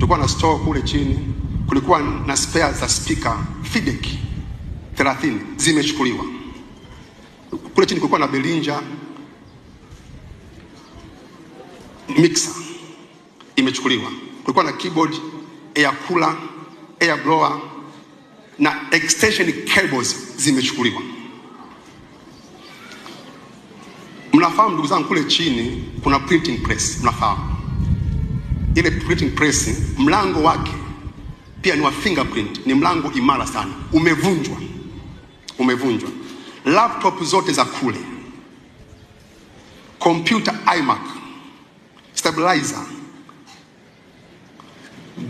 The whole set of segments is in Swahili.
tulikuwa na store kule chini, kulikuwa na spare za speaker Fidek 30 zimechukuliwa kule chini, kulikuwa na Belinja mixer imechukuliwa, kulikuwa na keyboard, air cooler, air blower na extension cables zimechukuliwa. Mnafahamu ndugu zangu, kule chini kuna printing press, mnafahamu ile printing press mlango wake pia ni wa fingerprint, ni mlango imara sana, umevunjwa umevunjwa. Laptop zote za kule, computer iMac, stabilizer,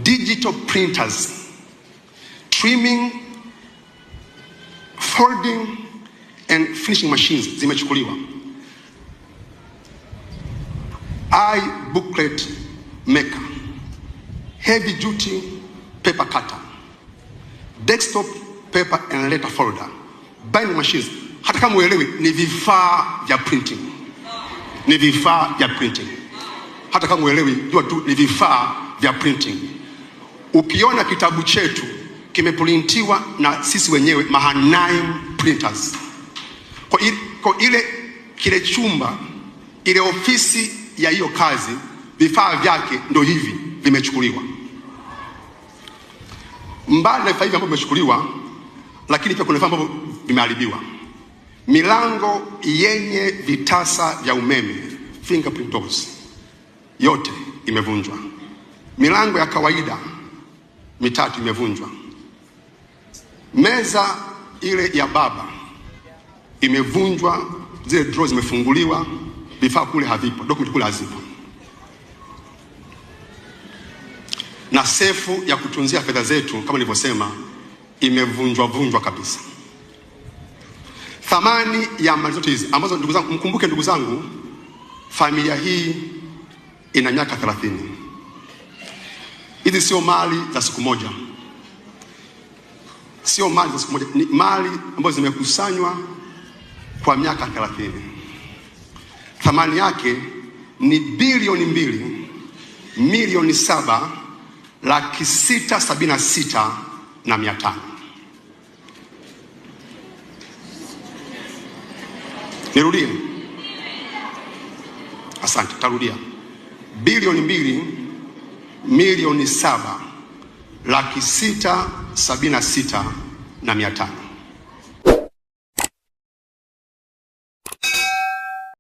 digital printers, trimming, folding and finishing machines zimechukuliwa. booklet maker, heavy duty paper cutter, desktop paper and letter folder, binding machines. Hata kama uelewi, ni vifaa vya printing, ni vifaa vya printing. Hata kama uelewi, jua tu ni vifaa vya printing. Ukiona kitabu chetu kimeprintiwa na sisi wenyewe Mahanaim Printers. Kwa ile, kwa ile kile chumba ile ofisi ya hiyo kazi vifaa vyake ndo hivi vimechukuliwa, mbali na vifaa hivi ambavyo vimechukuliwa, lakini pia kuna vifaa ambavyo vimeharibiwa. Milango yenye vitasa vya umeme fingerprint doors yote imevunjwa. Milango ya kawaida mitatu imevunjwa. Meza ile ya baba imevunjwa, zile drawers zimefunguliwa, vifaa kule havipo, document kule hazipo. na sefu ya kutunzia fedha zetu kama nilivyosema imevunjwa vunjwa kabisa. Thamani ya mali zote hizi ambazo, ndugu zangu, mkumbuke ndugu zangu, familia hii ina miaka 30. Hizi sio mali za siku moja, sio mali za siku moja, ni mali ambazo zimekusanywa kwa miaka 30. Thamani yake ni bilioni mbili milioni saba laki sita sabini na sita na mia tano. Nirudie? Asante, tarudia. Bilioni mbili milioni saba laki sita sabini na sita na mia tano.